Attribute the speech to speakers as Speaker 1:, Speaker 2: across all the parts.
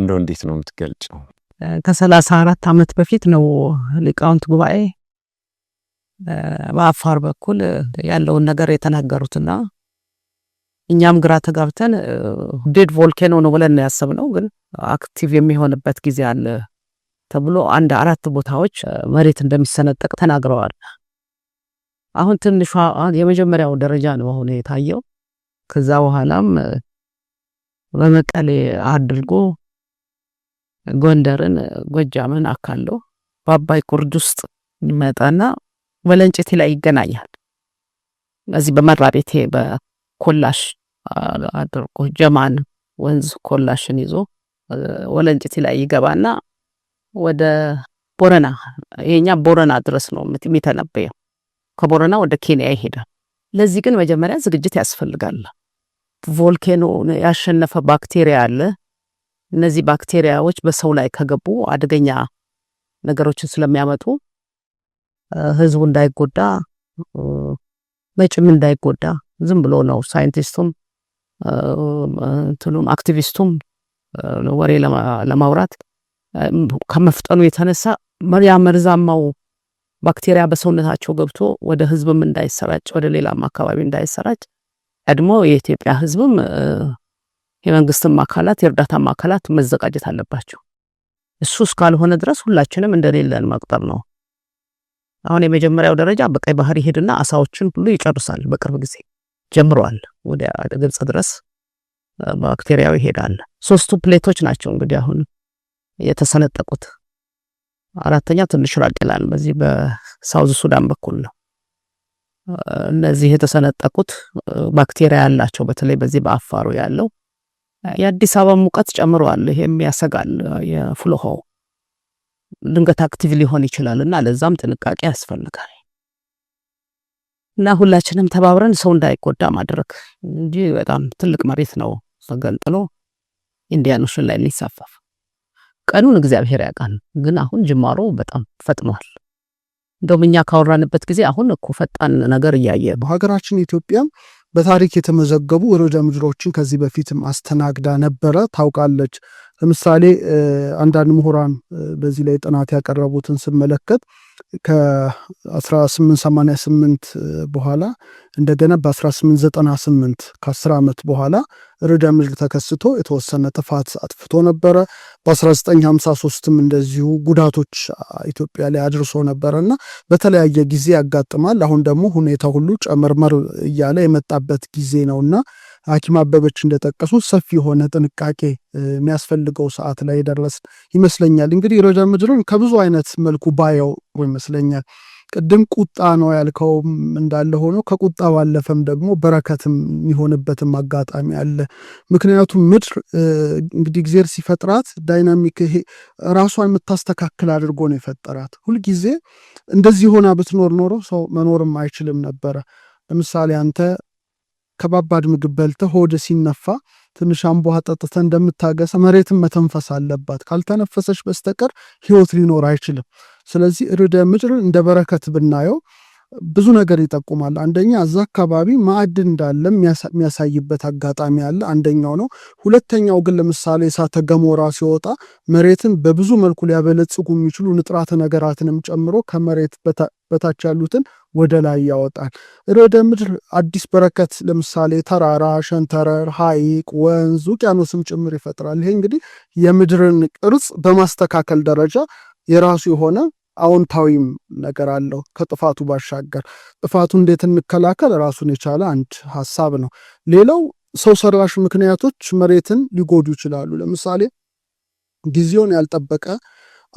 Speaker 1: እንደው እንዴት ነው የምትገልጨው?
Speaker 2: ከሰላሳ አራት አመት በፊት ነው ሊቃውንት ጉባኤ በአፋር በኩል ያለውን ነገር የተናገሩትና እኛም ግራ ተጋብተን ዴድ ቮልኬኖ ነው ብለን ያሰብነው፣ ግን አክቲቭ የሚሆንበት ጊዜ አለ ተብሎ አንድ አራት ቦታዎች መሬት እንደሚሰነጠቅ ተናግረዋል። አሁን ትንሿ የመጀመሪያው ደረጃ ነው አሁን የታየው። ከዛ በኋላም በመቀሌ አድርጎ ጎንደርን ጎጃምን አካሎ በአባይ ቁርድ ውስጥ ይመጣና ወለንጭቴ ላይ ይገናኛል። እዚህ በመራ ቤቴ በኮላሽ አድርጎ ጀማን ወንዝ ኮላሽን ይዞ ወለንጭቴ ላይ ይገባና ወደ ቦረና ይሄኛ ቦረና ድረስ ነው የሚተነበየው። ከቦረና ወደ ኬንያ ይሄዳል። ለዚህ ግን መጀመሪያ ዝግጅት ያስፈልጋል። ቮልኬኖ ያሸነፈ ባክቴሪያ አለ። እነዚህ ባክቴሪያዎች በሰው ላይ ከገቡ አደገኛ ነገሮችን ስለሚያመጡ ህዝቡ እንዳይጎዳ መጭም እንዳይጎዳ ዝም ብሎ ነው ሳይንቲስቱም እንትኑም አክቲቪስቱም ወሬ ለማውራት ከመፍጠኑ የተነሳ መሪያ መርዛማው ባክቴሪያ በሰውነታቸው ገብቶ ወደ ህዝብም እንዳይሰራጭ ወደ ሌላም አካባቢ እንዳይሰራጭ ቀድሞ የኢትዮጵያ ህዝብም የመንግስትም አካላት የእርዳታም አካላት መዘጋጀት አለባቸው። እሱ እስካልሆነ ድረስ ሁላችንም እንደሌለን መቁጠር ነው። አሁን የመጀመሪያው ደረጃ በቀይ ባህር ይሄድና አሳዎችን ሁሉ ይጨርሳል። በቅርብ ጊዜ ጀምረዋል። ወደ ግብጽ ድረስ ባክቴሪያው ይሄዳል። ሶስቱ ፕሌቶች ናቸው እንግዲህ አሁን የተሰነጠቁት። አራተኛ ትንሽ ራቅ ይላል። በዚህ በሳውዝ ሱዳን በኩል ነው። እነዚህ የተሰነጠቁት ባክቴሪያ ያላቸው በተለይ በዚህ በአፋሩ ያለው የአዲስ አበባ ሙቀት ጨምሯል። ይሄም ያሰጋል። የፍልሆው ድንገት አክቲቭ ሊሆን ይችላል እና ለዛም ጥንቃቄ ያስፈልጋል እና ሁላችንም ተባብረን ሰው እንዳይጎዳ ማድረግ እንጂ በጣም ትልቅ መሬት ነው ተገንጥሎ ኢንዲያኖሽን ላይ የሚሳፈፍ ቀኑን እግዚአብሔር ያውቃል። ግን አሁን ጅማሮ በጣም ፈጥኗል። እንደውም እኛ ካወራንበት ጊዜ አሁን እኮ ፈጣን ነገር እያየ
Speaker 3: በሀገራችን ኢትዮጵያም በታሪክ የተመዘገቡ ርዕደ ምድሮችን ከዚህ በፊትም አስተናግዳ ነበረ ታውቃለች። ለምሳሌ አንዳንድ ምሁራን በዚህ ላይ ጥናት ያቀረቡትን ስመለከት ከ1888 በኋላ እንደገና በ1898 ከ10 ዓመት በኋላ ርዕደ ምድር ተከስቶ የተወሰነ ጥፋት አጥፍቶ ነበረ። በ1953ም እንደዚሁ ጉዳቶች ኢትዮጵያ ላይ አድርሶ ነበረ እና በተለያየ ጊዜ ያጋጥማል። አሁን ደግሞ ሁኔታ ሁሉ ጨመርመር እያለ የመጣበት ጊዜ ነውና ሐኪም አበበች እንደጠቀሱት ሰፊ የሆነ ጥንቃቄ የሚያስፈልገው ሰዓት ላይ ደረስ ይመስለኛል። እንግዲህ ረጃ ምድርን ከብዙ አይነት መልኩ ባየው ይመስለኛል። ቅድም ቁጣ ነው ያልከውም እንዳለ ሆኖ ከቁጣ ባለፈም ደግሞ በረከትም የሚሆንበትም አጋጣሚ አለ። ምክንያቱም ምድር እንግዲህ እግዜር ሲፈጥራት ዳይናሚክ ራሷ ራሷን የምታስተካክል አድርጎ ነው የፈጠራት። ሁልጊዜ እንደዚህ ሆና ብትኖር ኖሮ ሰው መኖርም አይችልም ነበረ። ለምሳሌ አንተ ከባባድ ምግብ በልተ ሆድ ሲነፋ ትንሽ አምቧ ጠጥተ እንደምታገሰ መሬትን መተንፈስ አለባት። ካልተነፈሰች በስተቀር ህይወት ሊኖር አይችልም። ስለዚህ ርደ ምድር እንደ በረከት ብናየው ብዙ ነገር ይጠቁማል። አንደኛ እዛ አካባቢ ማዕድን እንዳለ የሚያሳይበት አጋጣሚ አለ፣ አንደኛው ነው። ሁለተኛው ግን ለምሳሌ እሳተ ገሞራ ሲወጣ መሬትን በብዙ መልኩ ሊያበለጽጉ የሚችሉ ንጥራት ነገራትንም ጨምሮ ከመሬት በታች ያሉትን ወደ ላይ ያወጣል። ርዕደ ምድር አዲስ በረከት ለምሳሌ ተራራ፣ ሸንተረር፣ ሐይቅ፣ ወንዝ፣ ውቅያኖስም ጭምር ይፈጥራል። ይሄ እንግዲህ የምድርን ቅርጽ በማስተካከል ደረጃ የራሱ የሆነ አዎንታዊም ነገር አለው። ከጥፋቱ ባሻገር ጥፋቱ እንዴት እንከላከል ራሱን የቻለ አንድ ሀሳብ ነው። ሌላው ሰው ሰራሽ ምክንያቶች መሬትን ሊጎዱ ይችላሉ። ለምሳሌ ጊዜውን ያልጠበቀ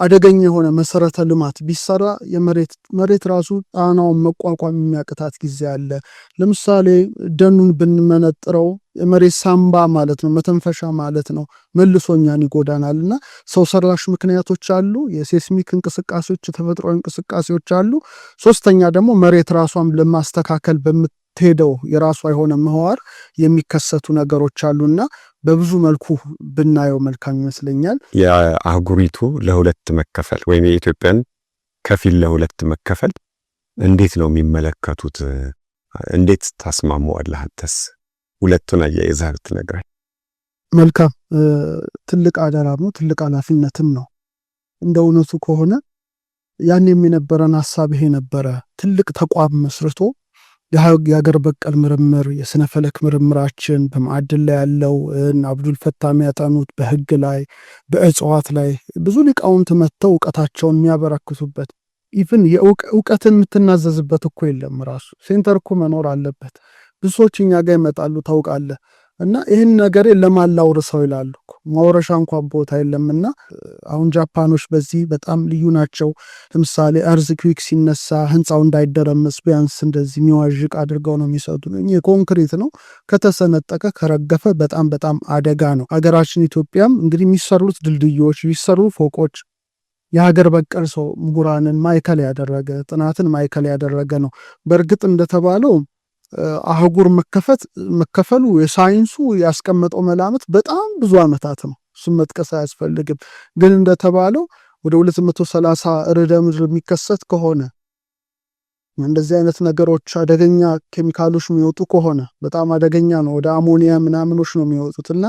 Speaker 3: አደገኛ የሆነ መሰረተ ልማት ቢሰራ የመሬት መሬት ራሱ ጣናውን መቋቋም የሚያቅታት ጊዜ አለ። ለምሳሌ ደኑን ብንመነጥረው የመሬት ሳምባ ማለት ነው፣ መተንፈሻ ማለት ነው። መልሶ እኛን ይጎዳናል እና ሰው ሰራሽ ምክንያቶች አሉ፣ የሴስሚክ እንቅስቃሴዎች፣ የተፈጥሮ እንቅስቃሴዎች አሉ። ሶስተኛ ደግሞ መሬት ራሷን ለማስተካከል በምት ሄደው የራሷ የሆነ ምህዋር የሚከሰቱ ነገሮች አሉና በብዙ መልኩ ብናየው መልካም ይመስለኛል።
Speaker 1: የአህጉሪቱ ለሁለት መከፈል ወይም የኢትዮጵያን ከፊል ለሁለት መከፈል እንዴት ነው የሚመለከቱት? እንዴት ታስማመዋለህ? አንተስ ሁለቱን አያይዘህ ብትነግረን።
Speaker 3: መልካም ትልቅ አደራም ነው፣ ትልቅ ኃላፊነትም ነው። እንደ እውነቱ ከሆነ ያን የሚነበረን ሀሳብ ይሄ ነበረ። ትልቅ ተቋም መስርቶ የሀገር በቀል ምርምር የስነፈለክ ምርምራችን በማዕድን ላይ ያለው አብዱል ፈታ የሚያጠኑት በህግ ላይ በእጽዋት ላይ ብዙ ሊቃውንት መጥተው እውቀታቸውን የሚያበረክቱበት ኢቭን እውቀትን የምትናዘዝበት እኮ የለም። ራሱ ሴንተር እኮ መኖር አለበት። ብሶች እኛ ጋር ይመጣሉ። ታውቃለህ እና ይህን ነገር ሰው ይላሉ። ማውረሻ እንኳ ቦታ የለምና አሁን ጃፓኖች በዚህ በጣም ልዩ ናቸው። ለምሳሌ ክዊክ ሲነሳ ህንፃው እንዳይደረመስ ቢያንስ እንደዚህ የሚዋዥቅ አድርገው ነው የሚሰጡ። የኮንክሪት ነው ከተሰነጠቀ ከረገፈ በጣም በጣም አደጋ ነው። ሀገራችን ኢትዮጵያም እንግዲህ የሚሰሩት ድልድዮች የሚሰሩ ፎቆች የሀገር በቀል ሰው ምሁራንን ማዕከል ያደረገ ጥናትን ማዕከል ያደረገ ነው። በእርግጥ እንደተባለው አህጉር መከፈት መከፈሉ የሳይንሱ ያስቀመጠው መላምት በጣም ብዙ ዓመታት ነው። እሱም መጥቀስ አያስፈልግም። ግን እንደተባለው ወደ 230 ርዕደ ምድር የሚከሰት ከሆነ እንደዚህ አይነት ነገሮች አደገኛ ኬሚካሎች የሚወጡ ከሆነ በጣም አደገኛ ነው። ወደ አሞኒያ ምናምኖች ነው የሚወጡት እና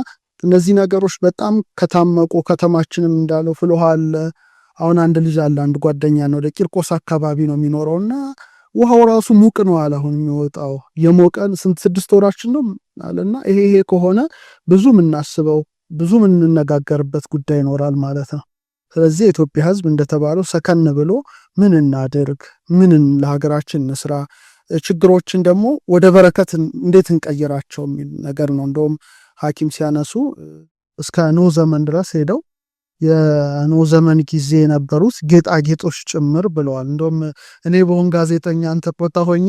Speaker 3: እነዚህ ነገሮች በጣም ከታመቁ ከተማችንም እንዳለው ፍልውሃ አለ። አሁን አንድ ልጅ አለ አንድ ጓደኛ ነው ወደ ቂርቆስ አካባቢ ነው የሚኖረውና ውሃው ራሱ ሙቅ ነው አለ። አሁን የሚወጣው የሞቀን ስንት ስድስት ወራችን ነው አለና ይሄ ይሄ ከሆነ ብዙ የምናስበው ብዙ የምንነጋገርበት ጉዳይ ይኖራል ማለት ነው። ስለዚህ የኢትዮጵያ ሕዝብ እንደተባለው ሰከን ብሎ ምን እናድርግ፣ ምን ለሀገራችን እንስራ፣ ችግሮችን ደግሞ ወደ በረከት እንዴት እንቀይራቸው የሚል ነገር ነው። እንደውም ሐኪም ሲያነሱ እስከ ኖ ዘመን ድረስ ሄደው የኖህ ዘመን ጊዜ የነበሩት ጌጣጌጦች ጭምር ብለዋል። እንደም እኔ በሆን ጋዜጠኛ አንተ ቦታ ሆኜ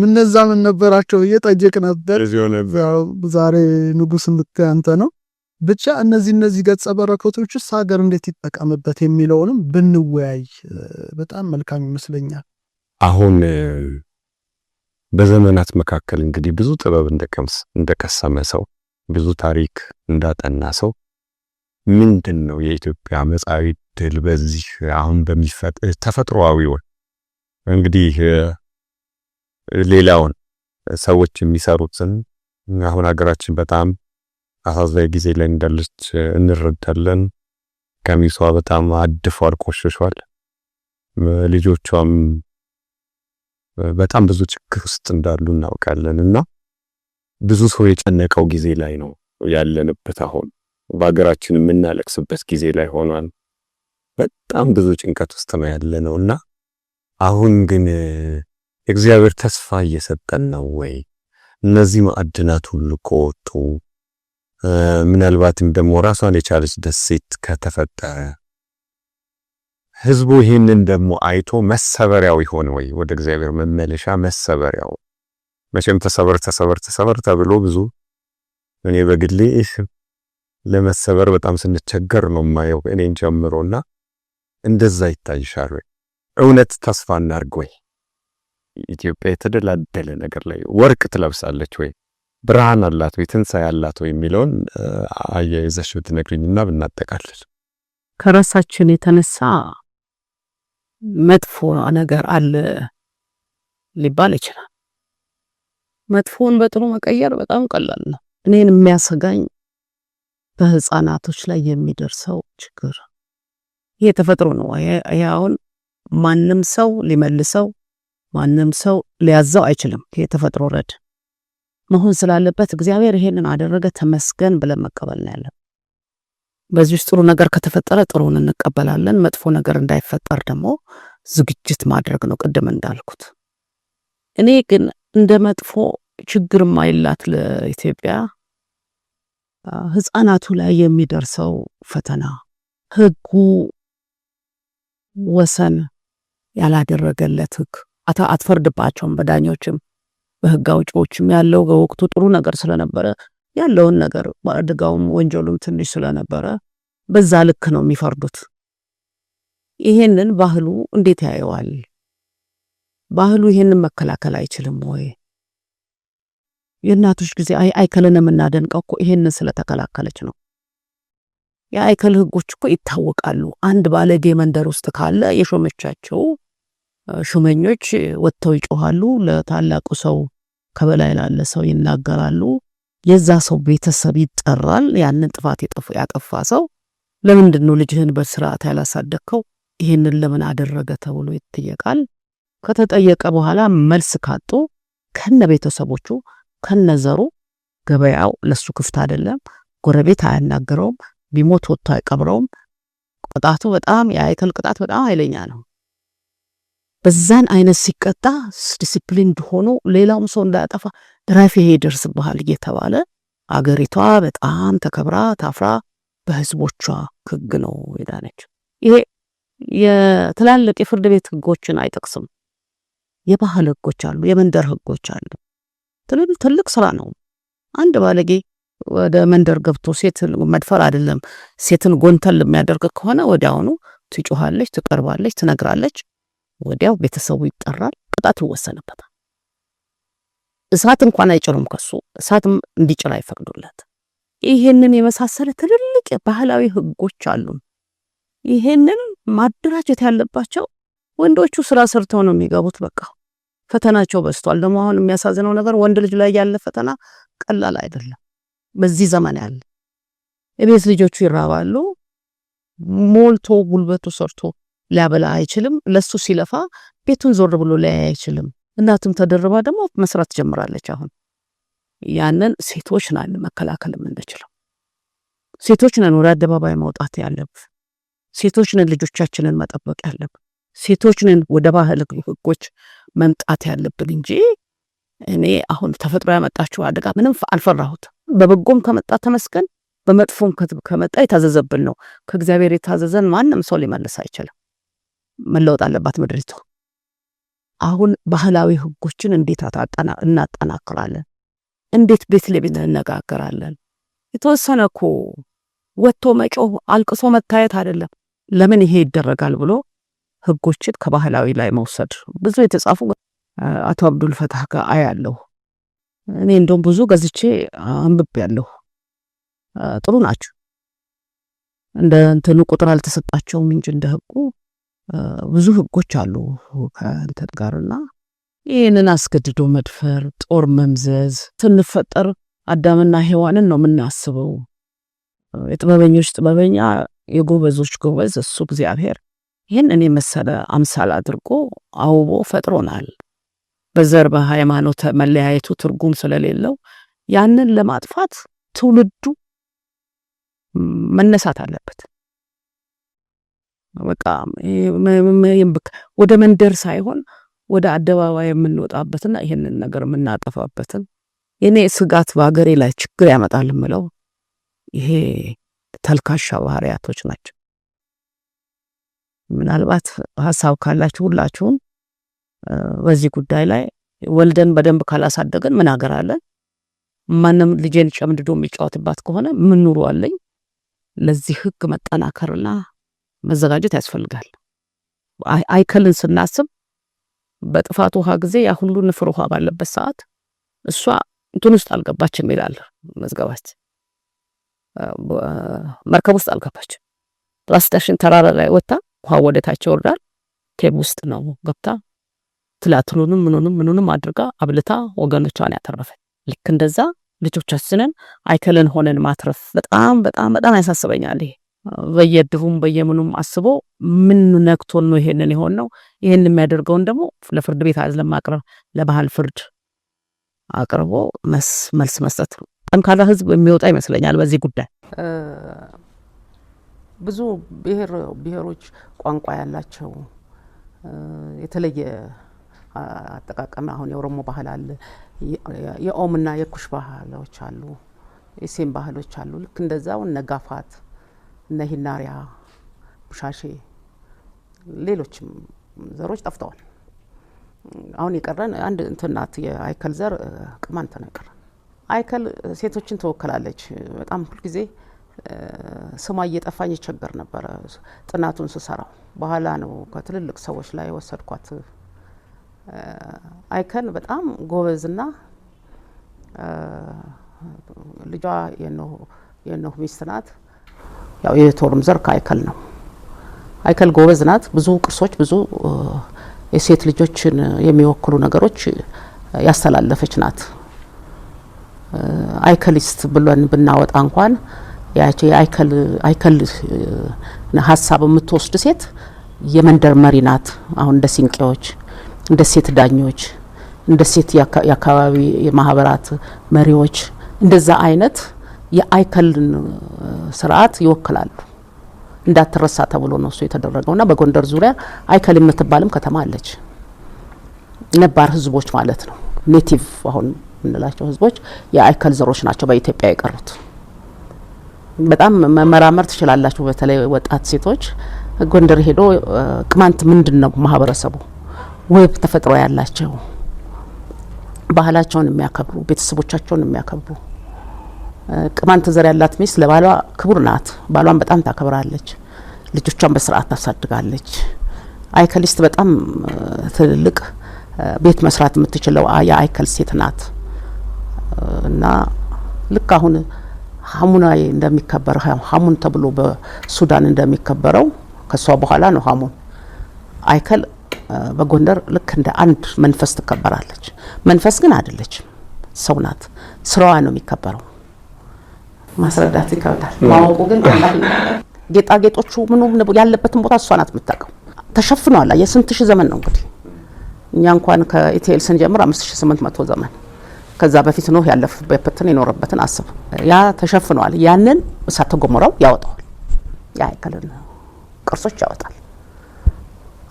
Speaker 3: ምነዛ ምን ነበራቸው ብዬ ጠየቅ ነበር። ዛሬ ንጉስ ምትህ አንተ ነው። ብቻ እነዚህ እነዚህ ገጸ በረከቶች ውስጥ ሀገር እንዴት ይጠቀምበት የሚለውንም ብንወያይ በጣም መልካም ይመስለኛል።
Speaker 1: አሁን በዘመናት መካከል እንግዲህ ብዙ ጥበብ እንደቀሰመ ሰው ብዙ ታሪክ እንዳጠና ሰው ምንድን ነው የኢትዮጵያ መጻኢ ዕድል በዚህ አሁን በሚፈጠር ተፈጥሮአዊውን እንግዲህ ሌላውን ሰዎች የሚሰሩትን አሁን ሀገራችን በጣም አሳዛኝ ጊዜ ላይ እንዳለች እንረዳለን። ቀሚሷ በጣም አድፏል፣ ቆሽሿል። ልጆቿም በጣም ብዙ ችግር ውስጥ እንዳሉ እናውቃለን እና ብዙ ሰው የጨነቀው ጊዜ ላይ ነው ያለንበት አሁን። በሀገራችን የምናለቅስበት ጊዜ ላይ ሆኗል። በጣም ብዙ ጭንቀት ውስጥ ነው ያለ ነው እና አሁን ግን እግዚአብሔር ተስፋ እየሰጠን ነው ወይ? እነዚህ ማዕድናት ሁሉ ከወጡ ምናልባትም ደግሞ ራሷን የቻለች ደሴት ከተፈጠረ ህዝቡ ይህንን ደግሞ አይቶ መሰበሪያው ይሆን ወይ? ወደ እግዚአብሔር መመለሻ መሰበሪያው መቼም ተሰበር ተሰበር ተሰበር ተብሎ ብዙ እኔ በግሌ ለመሰበር በጣም ስንቸገር ነው የማየው እኔን ጀምሮና እንደዛ ይታይሻል ወይ? እውነት ተስፋ እናርግ ወይ? ኢትዮጵያ የተደላደለ ነገር ላይ ወርቅ ትለብሳለች ወይ? ብርሃን አላት ወይ? ትንሣኤ አላት ወይ የሚለውን አያይዘሽ ብትነግሪኝና ብናጠቃልል።
Speaker 2: ከራሳችን የተነሳ መጥፎ ነገር አለ ሊባል ይችላል። መጥፎን በጥሩ መቀየር በጣም ቀላል ነው። እኔን የሚያሰጋኝ በህፃናቶች ላይ የሚደርሰው ችግር ይሄ ተፈጥሮ ነው። ያውን ማንም ሰው ሊመልሰው ማንም ሰው ሊያዘው አይችልም። ይሄ ተፈጥሮ ረድ መሆን ስላለበት እግዚአብሔር ይሄንን አደረገ ተመስገን ብለን መቀበል ነው ያለን። በዚህ ውስጥ ጥሩ ነገር ከተፈጠረ ጥሩን እንቀበላለን። መጥፎ ነገር እንዳይፈጠር ደግሞ ዝግጅት ማድረግ ነው። ቅድም እንዳልኩት እኔ ግን እንደ መጥፎ ችግር ማይላት ለኢትዮጵያ ህፃናቱ ላይ የሚደርሰው ፈተና ህጉ ወሰን ያላደረገለት ህግ አትፈርድባቸውም። በዳኞችም በህግ አውጪዎችም ያለው በወቅቱ ጥሩ ነገር ስለነበረ ያለውን ነገር አደጋውም ወንጀሉም ትንሽ ስለነበረ በዛ ልክ ነው የሚፈርዱት። ይሄንን ባህሉ እንዴት ያየዋል? ባህሉ ይሄንን መከላከል አይችልም ወይ? የእናቶች ጊዜ አይከልን የምናደንቀው እኮ ይሄን ስለተከላከለች ነው። የአይከል ህጎች እኮ ይታወቃሉ። አንድ ባለጌ መንደር ውስጥ ካለ የሾመቻቸው ሹመኞች ወጥተው ይጮኋሉ። ለታላቁ ሰው ከበላይ ላለ ሰው ይናገራሉ። የዛ ሰው ቤተሰብ ይጠራል። ያንን ጥፋት ያጠፋ ሰው ለምንድን ነው ልጅህን በስርዓት ያላሳደግከው? ይህንን ለምን አደረገ ተብሎ ይጠየቃል። ከተጠየቀ በኋላ መልስ ካጡ ከነ ቤተሰቦቹ ከነዘሩ ገበያው ለሱ ክፍት አይደለም። ጎረቤት አያናገረውም። ቢሞት ወጥቶ አይቀብረውም። ቅጣቱ በጣም የአይተን ቅጣት በጣም ኃይለኛ ነው። በዛን አይነት ሲቀጣ ዲስፕሊን ሆኖ ሌላውም ሰው እንዳያጠፋ ድራይፍ ይሄ ይደርስብሃል እየተባለ አገሪቷ በጣም ተከብራ ታፍራ በህዝቦቿ ህግ ነው ሄዳለች። ይሄ የትላልቅ የፍርድ ቤት ህጎችን አይጠቅስም። የባህል ህጎች አሉ፣ የመንደር ህጎች አሉ። ትልቅ ስራ ነው። አንድ ባለጌ ወደ መንደር ገብቶ ሴት መድፈር አይደለም፣ ሴትን ጎንተል የሚያደርግ ከሆነ ወዲያውኑ ትጮሃለች፣ ትቀርባለች፣ ትነግራለች። ወዲያው ቤተሰቡ ይጠራል፣ ቅጣት ይወሰንበታል። እሳት እንኳን አይጭሩም ከሱ እሳትም እንዲጭር አይፈቅዱለት። ይሄንን የመሳሰለ ትልልቅ ባህላዊ ህጎች አሉን። ይሄንን ማደራጀት ያለባቸው ወንዶቹ ስራ ሰርተው ነው የሚገቡት በቃ ፈተናቸው በስቷል ደግሞ አሁን የሚያሳዝነው ነገር ወንድ ልጅ ላይ ያለ ፈተና ቀላል አይደለም። በዚህ ዘመን ያለ የቤት ልጆቹ ይራባሉ። ሞልቶ ጉልበቱ ሰርቶ ሊያበላ አይችልም። ለሱ ሲለፋ ቤቱን ዞር ብሎ ሊያይ አይችልም። እናትም ተደርባ ደግሞ መስራት ጀምራለች። አሁን ያንን ሴቶች ናን መከላከል የምንችለው ሴቶች ነን። ወደ አደባባይ መውጣት ያለብን ሴቶች ነን። ልጆቻችንን መጠበቅ ያለብን ሴቶችንን ወደ ባህል ህጎች መምጣት ያለብን እንጂ እኔ አሁን ተፈጥሮ ያመጣችው አደጋ ምንም አልፈራሁት። በበጎም ከመጣ ተመስገን፣ በመጥፎም ከመጣ የታዘዘብን ነው። ከእግዚአብሔር የታዘዘን ማንም ሰው ሊመልስ አይችልም። መለወጥ አለባት ምድሪቱ። አሁን ባህላዊ ህጎችን እንዴት እናጠናክራለን? እንዴት ቤት ለቤት እንነጋገራለን? የተወሰነ እኮ ወጥቶ መጮህ አልቅሶ መታየት አይደለም። ለምን ይሄ ይደረጋል ብሎ ህጎችን ከባህላዊ ላይ መውሰድ ብዙ የተጻፉ አቶ አብዱልፈታህ ጋር አያለሁ። እኔ እንደውም ብዙ ገዝቼ አንብብ ያለሁ ጥሩ ናቸው። እንደ እንትኑ ቁጥር አልተሰጣቸውም እንጂ እንደ ህጉ ብዙ ህጎች አሉ ከእንትን ጋርና ይህንን አስገድዶ መድፈር፣ ጦር መምዘዝ ስንፈጠር አዳምና ሔዋንን ነው የምናስበው። የጥበበኞች ጥበበኛ፣ የጎበዞች ጎበዝ እሱ እግዚአብሔር ይህን እኔ መሰለ አምሳል አድርጎ አውቦ ፈጥሮናል። በዘር በሃይማኖት መለያየቱ ትርጉም ስለሌለው ያንን ለማጥፋት ትውልዱ መነሳት አለበት። በቃ ወደ መንደር ሳይሆን ወደ አደባባይ የምንወጣበትና ይህንን ነገር የምናጠፋበትን የኔ ስጋት በሀገሬ ላይ ችግር ያመጣል ምለው ይሄ ተልካሻ ባህሪያቶች ናቸው። ምናልባት ሀሳብ ካላችሁ ሁላችሁም በዚህ ጉዳይ ላይ ወልደን በደንብ ካላሳደገን ምን አገር አለን? ማንም ልጄን ጨምድዶ የሚጫወትባት ከሆነ ምን ኑሮ አለኝ? ለዚህ ህግ መጠናከርና መዘጋጀት ያስፈልጋል። አይከልን ስናስብ በጥፋት ውሃ ጊዜ ያ ሁሉ ንፍር ውሃ ባለበት ሰዓት እሷ እንትን ውስጥ አልገባችም ይላል መዝገባች። መርከብ ውስጥ አልገባችም። ራስዳሽን ተራራ ላይ ወጥታ ውሃ ወደታች ይወርዳል። ኬብ ውስጥ ነው ገብታ ትላትሉንም ምኑንም ምኑንም አድርጋ አብልታ ወገኖቿን ያተረፈ። ልክ እንደዛ ልጆቻችንን አይከልን ሆነን ማትረፍ በጣም በጣም በጣም ያሳስበኛል። ይሄ በየድቡም በየምኑም አስቦ ምን ነክቶን ነው ይሄንን የሆን ነው? ይሄን የሚያደርገውን ደግሞ ለፍርድ ቤት ለማቅረብ ለባህል ፍርድ አቅርቦ መልስ መስጠት ነው። ጠንካራ ህዝብ የሚወጣ ይመስለኛል በዚህ ጉዳይ ብዙ ብሔር ብሔሮች ቋንቋ ያላቸው የተለየ አጠቃቀም አሁን የኦሮሞ ባህል አለ፣ የኦምና የኩሽ ባህሎች አሉ፣ የሴም ባህሎች አሉ። ልክ እንደዛው እነ ጋፋት፣ እነ ሂናሪያ፣ ቡሻሼ ሌሎችም ዘሮች ጠፍተዋል። አሁን የቀረን አንድ እንትናት የአይከል ዘር ቅማንት ነው የቀረን። አይከል ሴቶችን ትወክላለች በጣም ሁልጊዜ ስማ እየጠፋኝ ይቸገር ነበረ ጥናቱን ስሰራው። በኋላ ነው ከትልልቅ ሰዎች ላይ ወሰድኳት። አይከን በጣም ጎበዝና ልጇ የኖህ ሚስት ናት። ያው የቶርም ዘር ከአይከል ነው። አይከል ጎበዝ ናት። ብዙ ቅርሶች፣ ብዙ የሴት ልጆችን የሚወክሉ ነገሮች ያስተላለፈች ናት። አይከሊስት ብለን ብናወጣ እንኳን የአይከል ሀሳብ የምትወስድ ሴት የመንደር መሪ ናት። አሁን እንደ ሲንቄዎች፣ እንደ ሴት ዳኞች፣ እንደ ሴት የአካባቢ የማህበራት መሪዎች እንደዛ አይነት የአይከልን ስርዓት ይወክላሉ። እንዳትረሳ ተብሎ ነው እሱ የተደረገውና በጎንደር ዙሪያ አይከል የምትባልም ከተማ አለች። ነባር ህዝቦች ማለት ነው ኔቲቭ አሁን የምንላቸው ህዝቦች የአይከል ዘሮች ናቸው በኢትዮጵያ የቀሩት። በጣም መመራመር ትችላላችሁ። በተለይ ወጣት ሴቶች ጎንደር ሄዶ ቅማንት ምንድን ነው ማህበረሰቡ ውብ ተፈጥሮ ያላቸው ባህላቸውን የሚያከብሩ ቤተሰቦቻቸውን የሚያከብሩ ቅማንት ዘር ያላት ሚስት ለባሏ ክቡር ናት። ባሏን በጣም ታከብራለች። ልጆቿን በስርዓት ታሳድጋለች። አይከሊስት በጣም ትልልቅ ቤት መስራት የምትችለው የአይከል ሴት ናት እና ልክ አሁን ሀሙናይ እንደሚከበረው ሀሙን ተብሎ በሱዳን እንደሚከበረው ከሷ በኋላ ነው ሀሙን አይከል በጎንደር ልክ እንደ አንድ መንፈስ ትከበራለች። መንፈስ ግን አይደለችም፣ ሰው ናት። ስራዋ ነው የሚከበረው። ማስረዳት ይከብዳል፣ ማወቁ ግን ጌጣጌጦቹ ምኑ ያለበትን ቦታ እሷ ናት የምታውቀው። ተሸፍኗል። የስንት ሺህ ዘመን ነው እንግዲህ እኛ እንኳን ከኢትኤል ስንጀምር አምስት ሺህ ስምንት መቶ ዘመን ከዛ በፊት ኖህ ያለፈበትን የኖረበትን አስብ። ያ ተሸፍነዋል። ያንን እሳተ ገሞራው ያወጣዋል። የሀይከልን ቅርሶች ያወጣል።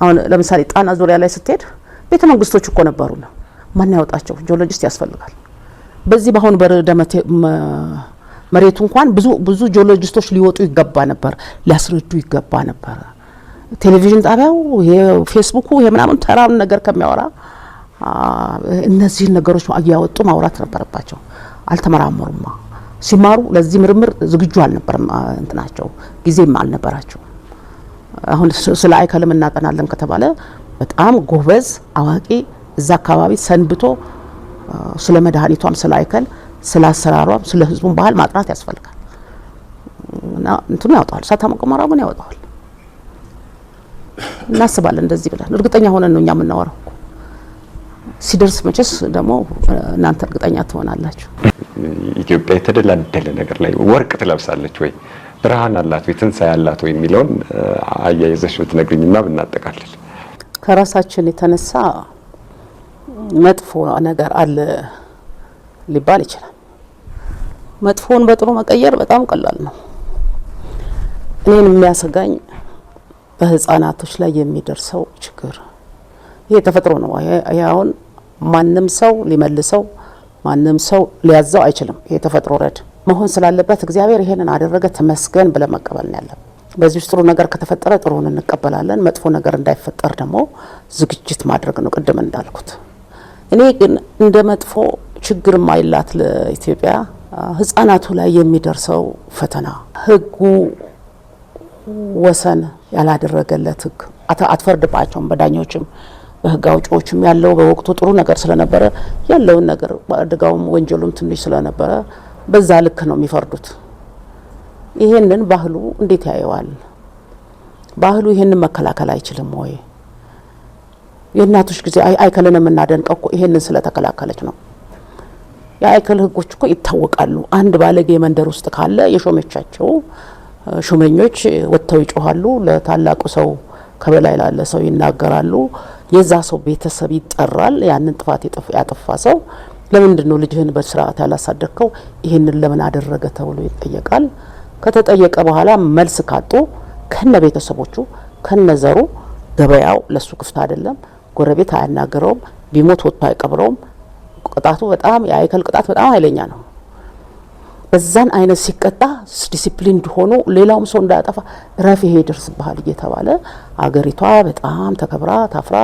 Speaker 2: አሁን ለምሳሌ ጣና ዙሪያ ላይ ስትሄድ ቤተ መንግስቶች እኮ ነበሩ ነው። ማን ያወጣቸው? ጂኦሎጂስት ያስፈልጋል። በዚህ በአሁን በርዕደ መሬቱ እንኳን ብዙ ብዙ ጂኦሎጂስቶች ሊወጡ ይገባ ነበር፣ ሊያስረዱ ይገባ ነበር። ቴሌቪዥን ጣቢያው ይሄ ፌስቡኩ ይሄ ምናምን ተራውን ነገር ከሚያወራ እነዚህን ነገሮች እያወጡ ማውራት ነበረባቸው። አልተመራመሩማ። ሲማሩ ለዚህ ምርምር ዝግጁ አልነበረም እንትናቸው ጊዜም አልነበራቸው። አሁን ስለ አይከልም እናጠናለን ከተባለ በጣም ጎበዝ አዋቂ እዛ አካባቢ ሰንብቶ ስለ መድኃኒቷም ስለ አይከል ስለ አሰራሯም ስለ ህዝቡም ባህል ማጥናት ያስፈልጋል። እና እንትኑ ያወጣዋል፣ እሳተ ምን ያወጣዋል። እናስባለን እንደዚህ ብለን እርግጠኛ ሆነን ነው እኛ የምናወራው። ሲደርስ መቼስ ደግሞ እናንተ እርግጠኛ ትሆናላችሁ።
Speaker 1: ኢትዮጵያ የተደላደለ ነገር ላይ ወርቅ ትለብሳለች ወይ ብርሃን አላት ወይ ትንሣኤ አላት ወይ የሚለውን አያይዘሽ ብትነግሪኝና ብናጠቃልል።
Speaker 2: ከራሳችን የተነሳ መጥፎ ነገር አለ ሊባል ይችላል። መጥፎን በጥሩ መቀየር በጣም ቀላል ነው። እኔን የሚያሰጋኝ በህፃናቶች ላይ የሚደርሰው ችግር ይሄ ተፈጥሮ ነው። አሁን ማንም ሰው ሊመልሰው ማንም ሰው ሊያዘው አይችልም። ይሄ ተፈጥሮ ረድ መሆን ስላለበት እግዚአብሔር ይሄንን አደረገ ተመስገን ብለን መቀበል ነው ያለብን። በዚህ ውስጥ ጥሩ ነገር ከተፈጠረ ጥሩን እንቀበላለን። መጥፎ ነገር እንዳይፈጠር ደግሞ ዝግጅት ማድረግ ነው። ቅድም እንዳልኩት እኔ ግን እንደ መጥፎ ችግር ማይላት ለኢትዮጵያ ህጻናቱ ላይ የሚደርሰው ፈተና ህጉ ወሰን ያላደረገለት ህግ አትፈርድባቸውም በዳኞችም በህግ አውጪዎችም ያለው በወቅቱ ጥሩ ነገር ስለነበረ ያለውን ነገር አደጋውም ወንጀሉም ትንሽ ስለነበረ በዛ ልክ ነው የሚፈርዱት። ይሄንን ባህሉ እንዴት ያየዋል? ባህሉ ይሄንን መከላከል አይችልም ወይ? የእናቶች ጊዜ አይከልን የምናደንቀው እኮ ይሄንን ስለተከላከለች ነው። የአይከል ህጎች እኮ ይታወቃሉ። አንድ ባለጌ መንደር ውስጥ ካለ የሾመቻቸው ሹመኞች ወጥተው ይጮኋሉ። ለታላቁ ሰው ከበላይ ላለ ሰው ይናገራሉ። የዛ ሰው ቤተሰብ ይጠራል። ያንን ጥፋት ያጠፋ ሰው ለምንድን ነው ልጅህን በስርዓት ያላሳደግከው ይህንን ለምን አደረገ ተብሎ ይጠየቃል። ከተጠየቀ በኋላ መልስ ካጡ ከነ ቤተሰቦቹ ከነ ዘሩ ገበያው ለሱ ክፍት አይደለም። ጎረቤት አያናገረውም። ቢሞት ወጥቶ አይቀብረውም። ቅጣቱ በጣም የአይከል ቅጣት በጣም ኃይለኛ ነው። በዛን አይነት ሲቀጣ ዲሲፕሊን ሆኖ ሌላውም ሰው እንዳያጠፋ ረፍ ይሄ ይደርስብሃል እየተባለ አገሪቷ በጣም ተከብራ ታፍራ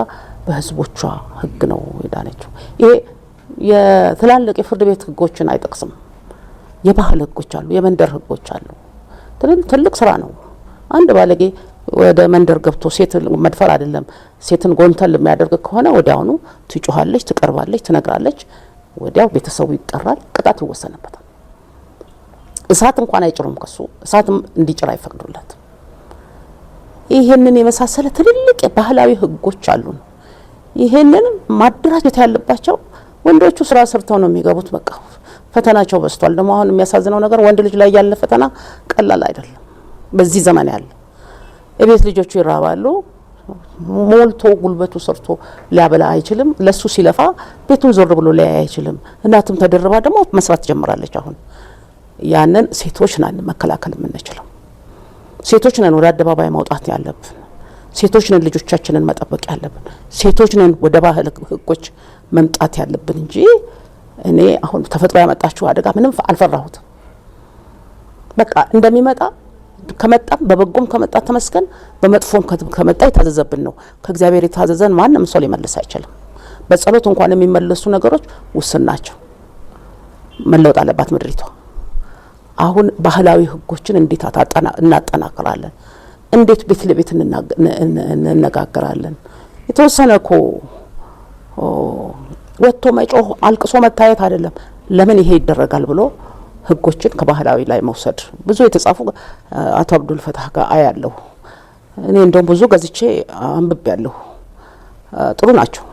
Speaker 2: በህዝቦቿ ህግ ነው ሄዳለችው። ይሄ የትላልቅ የፍርድ ቤት ህጎችን አይጠቅስም። የባህል ህጎች አሉ፣ የመንደር ህጎች አሉ። ትልቅ ስራ ነው። አንድ ባለጌ ወደ መንደር ገብቶ ሴት መድፈር አይደለም፣ ሴትን ጎንተል የሚያደርግ ከሆነ ወዲያውኑ ትጮኋለች፣ ትቀርባለች፣ ትነግራለች። ወዲያው ቤተሰቡ ይጠራል፣ ቅጣት ይወሰንበታል። እሳት እንኳን አይጭሩም። ከሱ እሳትም እንዲጭር አይፈቅዱለት። ይህንን የመሳሰለ ትልልቅ ባህላዊ ህጎች አሉን። ይህንን ማደራጀት ያለባቸው ወንዶቹ ስራ ሰርተው ነው የሚገቡት። በቃ ፈተናቸው በስቷል ደግሞ አሁን የሚያሳዝነው ነገር ወንድ ልጅ ላይ ያለ ፈተና ቀላል አይደለም። በዚህ ዘመን ያለ የቤት ልጆቹ ይራባሉ። ሞልቶ ጉልበቱ ሰርቶ ሊያበላ አይችልም። ለሱ ሲለፋ ቤቱን ዞር ብሎ ሊያይ አይችልም። እናትም ተደርባ ደግሞ መስራት ትጀምራለች አሁን ያንን ሴቶች ነን መከላከል የምንችለው። ሴቶች ነን ወደ አደባባይ ማውጣት ያለብን። ሴቶች ነን ልጆቻችንን መጠበቅ ያለብን። ሴቶች ነን ወደ ባህል ህጎች መምጣት ያለብን እንጂ እኔ አሁን ተፈጥሮ ያመጣችው አደጋ ምንም አልፈራሁትም። በቃ እንደሚመጣ ከመጣም በበጎም ከመጣ ተመስገን፣ በመጥፎም ከመጣ የታዘዘብን ነው። ከእግዚአብሔር የታዘዘን ማንም ሰው ሊመልስ አይችልም። በጸሎት እንኳን የሚመለሱ ነገሮች ውስን ናቸው። መለወጥ አለባት ምድሪቷ። አሁን ባህላዊ ህጎችን እንዴት እናጠናክራለን? እንዴት ቤት ለቤት እንነጋገራለን? የተወሰነ እኮ ወጥቶ መጮህ አልቅሶ መታየት አይደለም። ለምን ይሄ ይደረጋል ብሎ ህጎችን ከባህላዊ ላይ መውሰድ ብዙ የተጻፉ አቶ አብዱል ፈታህ ጋር አያለሁ። እኔ እንደውም ብዙ ገዝቼ አንብቤ ያለሁ። ጥሩ ናቸው።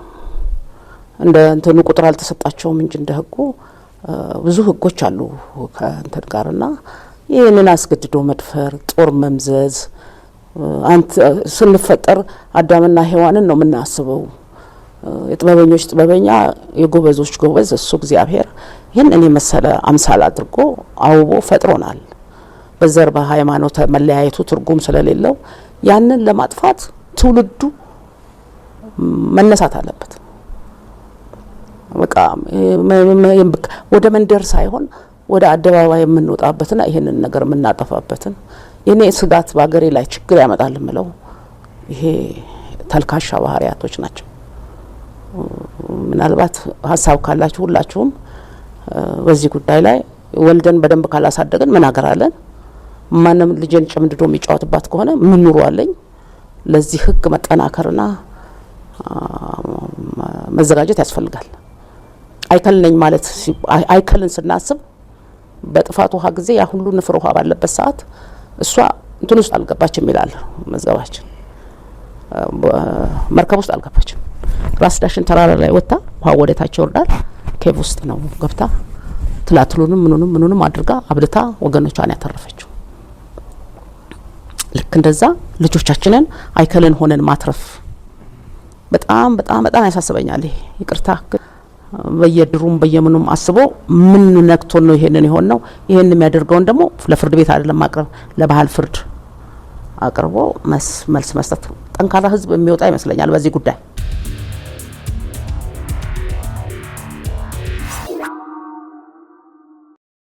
Speaker 2: እንደ እንትኑ ቁጥር አልተሰጣቸውም እንጂ እንደ ህጉ ብዙ ህጎች አሉ ከእንትን ጋር ና ይህንን አስገድዶ መድፈር፣ ጦር መምዘዝ ስንፈጠር አዳምና ሔዋንን ነው የምናስበው። የጥበበኞች ጥበበኛ፣ የጎበዞች ጎበዝ እሱ እግዚአብሔር ይህንን የመሰለ አምሳል አድርጎ አውቦ ፈጥሮናል። በዘር በሃይማኖት መለያየቱ ትርጉም ስለሌለው ያንን ለማጥፋት ትውልዱ መነሳት አለበት። በቃ ወደ መንደር ሳይሆን ወደ አደባባይ የምንወጣበትና ይህንን ነገር የምናጠፋበትን የኔ ስጋት በሀገሬ ላይ ችግር ያመጣል ምለው ይሄ ተልካሻ ባህሪያቶች ናቸው። ምናልባት ሀሳብ ካላችሁ ሁላችሁም በዚህ ጉዳይ ላይ ወልደን በደንብ ካላሳደግን ምን አገር አለን? ማንም ልጄን ጨምድዶ የሚጫወትባት ከሆነ ምን ኑሮ አለኝ? ለዚህ ህግ መጠናከርና መዘጋጀት ያስፈልጋል። አይከል ነኝ ማለት አይከልን ስናስብ በጥፋት ውሃ ጊዜ ያ ሁሉ ንፍር ውሃ ባለበት ሰዓት እሷ እንትን ውስጥ አልገባችም ይላል መዝገባችን። መርከብ ውስጥ አልገባችም። ራስ ዳሽን ተራራ ላይ ወጥታ ውሃ ወደታች ይወርዳል። ኬቭ ውስጥ ነው ገብታ ትላትሉንም ምኑንም ምኑንም አድርጋ አብልታ ወገኖቿን ያተረፈችው። ልክ እንደዛ ልጆቻችንን አይከልን ሆነን ማትረፍ በጣም በጣም በጣም ያሳስበኛል። ይሄ ይቅርታ በየድሩም በየምኑም አስቦ ምን ነክቶ ነው ይሄንን የሆን ነው? ይሄን የሚያደርገውን ደግሞ ለፍርድ ቤት አይደለም ማቅረብ ለባህል ፍርድ አቅርቦ መልስ መስጠት ጠንካራ ህዝብ የሚወጣ ይመስለኛል በዚህ ጉዳይ።